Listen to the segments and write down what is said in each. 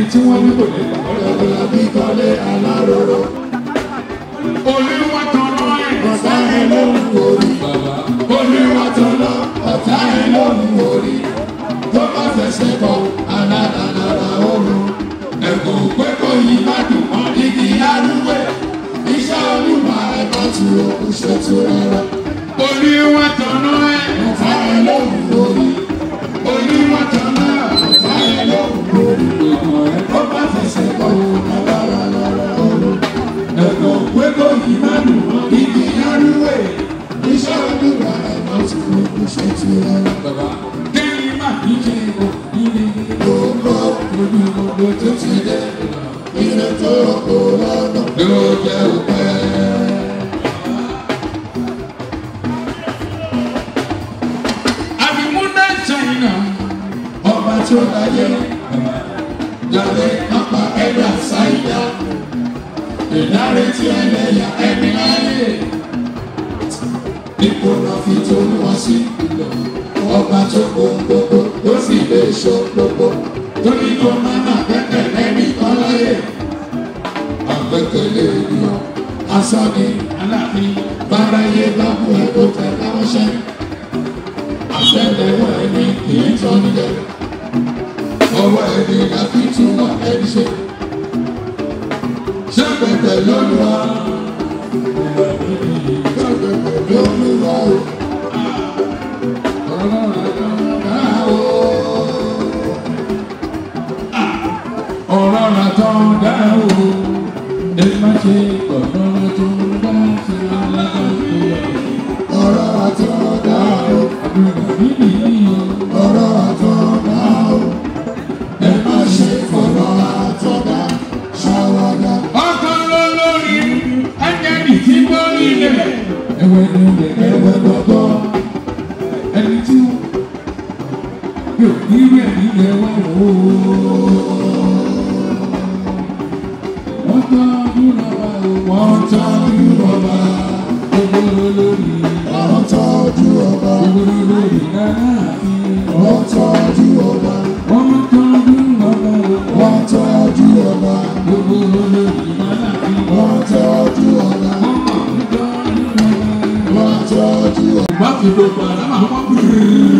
ẹni tí wọ́n ní kò lè tà. ọ̀dọ̀gbọ̀lá bí kọ́lé aláròrò. olúwa tọ̀nà ẹ̀. ọ̀tá ẹ̀ ló ń gorí. olúwa tọ̀nà ọ̀tá ẹ̀ ló ń gorí. tó bá fẹsẹ̀ kọ aládàlára oorun. ẹ̀kọ́ pé kò yí má dùn mọ́ igi arúgbó. iṣẹ́ olúwa ẹ̀kọ́ tu òkú ṣètò rárá. Yeah. nípò náà fi tó wọn sí. ọba tó kún gbogbo ó sì lè so gbogbo. torí kó má má gbẹ́kẹ̀lé nìkan láyè. àgbẹ̀kẹ̀lé ènìyàn asọ́ni aláàfin báráyé bá bu ẹ̀kọ́ tẹ̀ láwọn ṣẹ́. àtẹ̀lẹ́wọ̀ ẹni kì í tọ́ nílẹ̀. ọwọ́ ẹni la fi túmọ̀ ẹni ṣe. ṣé pẹ̀pẹ̀ lọ́lùwà? ọ̀dọ́ dá o ẹ má ṣe ọ̀dọ́ tó ń bá ṣe alágbàgbé ọ̀rọ̀ àtọ́ o bìbí nìyí ọ̀rọ̀ àtọ́ dá o ẹ má ṣe fọ̀rọ̀ àtọ́ dá ṣàwádà. ọkọ ló lórí Báàkì ló pa ara máa wá bíi.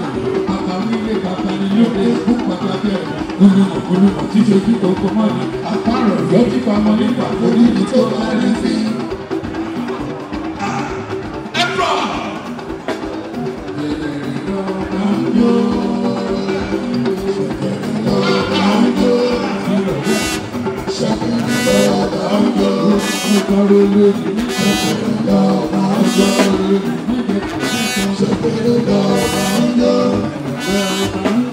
bàbá wílé bàbá ni yóò dé fún bàbá bẹ́ẹ̀. olùmọ̀ olùmọ̀ ṣíṣe mọ́ ni àpárọ̀ yóò pamọ́ nípa orí ibi tó bá rí sí. ẹ̀rọ. ẹ̀rọ náà yóò. Sọ̀rọ̀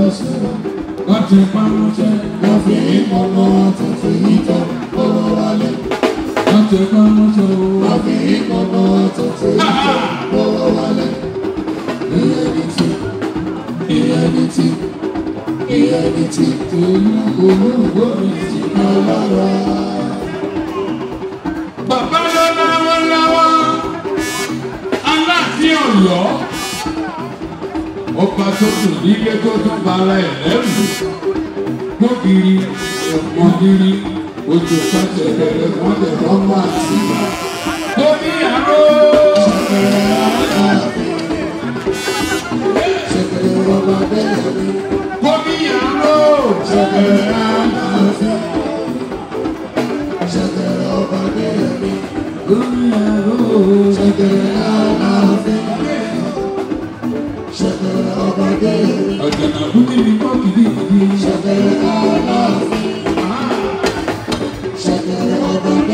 lọ́sọ̀rọ̀ wọ́n ti pa ránṣẹ́. wọ́n fi ọba tó sùn nílé tó tún bára ẹ̀ lẹ́rù gbógiri ẹ̀wọ̀n gírí ojú sọ́sẹ̀ bẹ̀rẹ̀ wọ́n lè rọ́mọ́ àti ìgbà. tó ní àrò ṣẹ̀fẹ̀rẹ̀ àgbà ṣẹ̀fẹ̀rẹ̀ ọba bẹ́ẹ̀ ni. tó ní àrò ṣẹ̀fẹ̀rẹ̀ àgbà.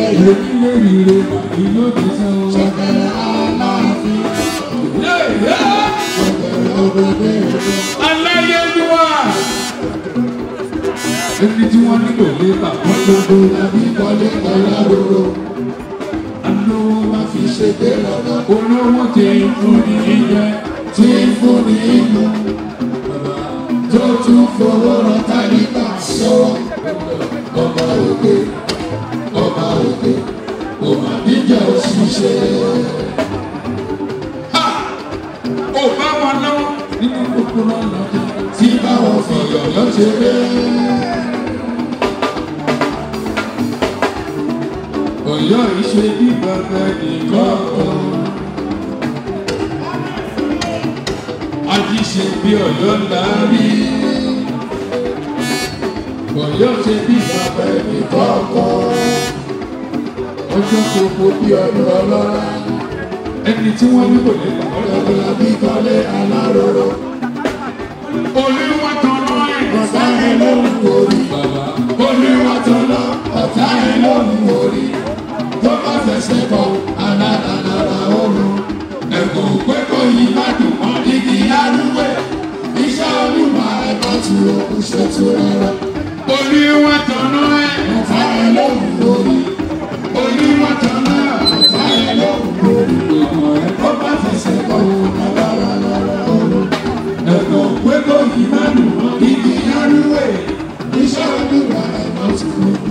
èyí lóríire ìlú tuntun ṣẹ̀kẹ̀rẹ̀ aláàfin. ṣẹ̀kẹ̀rẹ̀ òdòdó èdè. aláyélúwà. ẹni tí wọ́n nílò lébà. wọ́n gbogbo làbí kọ́lé kọ́lá lóró. alówó má fi ṣe dé lọ́dọ̀. olówó tí ń fúnni yíyẹ tí ń fúnni yíyọ. tó tún fowó rọ tálíkà sọ́wọ́ ọmọ òde. ṣe. Ò bá wọn náwó nínú gbogbo ọ̀nà tí báwọn fi yọ̀yọ́ ṣe dé. Ọ̀yọ́ ìṣe bí bàbá nìkan kan. Ají ṣe bí ọ̀yọ́ ńlá rí. Ọ̀yọ́ ṣe bí bàbá nìkan kan ọjọ́ gbogbo bí ọdún ọlọ́lá ẹni tí wọ́n ní kò lè gbà ọlọ́lá bí kọ́lé aláròrò. olúwa tọ́lọ́ ẹ̀ ọ̀tá ẹ̀ ló ń borí olúwa tọ́lọ́ ọ̀tá ẹ̀ ló ń borí tó bá fẹsẹ̀ bọ̀ alárànàrà oòrùn ẹ̀kọ́ pẹ́kọ̀ yìí má dùn mọ́ nídìí arúgbó iṣẹ́ olúwa ẹ̀kọ́ tí o kò ṣètò rárá.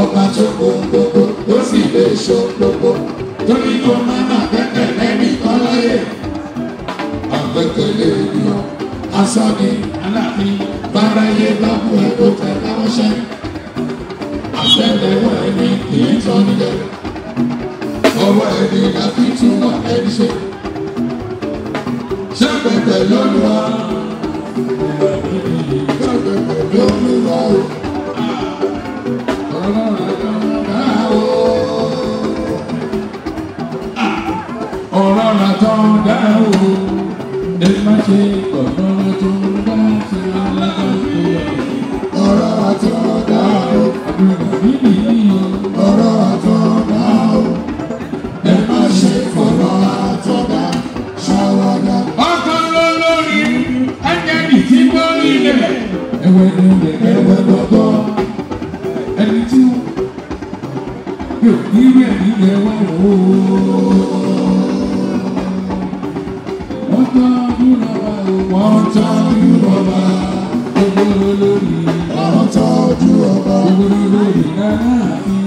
ọba tó kó gbogbo ó sì lè so gbogbo torí kó má má kẹ́kẹ́ lẹ́ni kan láyé àgbẹ̀kẹ̀lé ènìyàn asọ́ni aláàfin báráyé bá mú ẹ kó tẹ káwọ́ ṣẹ́ àtẹ́lẹwọ́ ẹni kì í tọ́ nílẹ̀ ọwọ́ ẹni la fi túmọ̀ ẹni ṣe ṣé pẹ̀pẹ̀ lọ́lọ́ọ́. má ṣe gbọ̀ngàn àtúndá sí oh, ọ̀rọ̀ àtúndá o. àbúrò mi nìyí. ọ̀rọ̀ àtúndá o. ẹ má ṣe fọ̀rọ̀ àtúndá ṣàwọ̀dà. ọkàn ló lórí ẹnẹ́bì tí kò nílẹ̀. ẹwẹ́ nílẹ̀ ẹwẹ́ gbọ́gbọ́ ẹni tí yóò ní ìwé ẹ̀rí yẹn wá wò ó. wọ́n tọ́jú ọba gbogbo lórí wọ́n tọ́jú ọba gbogbo lórí náà.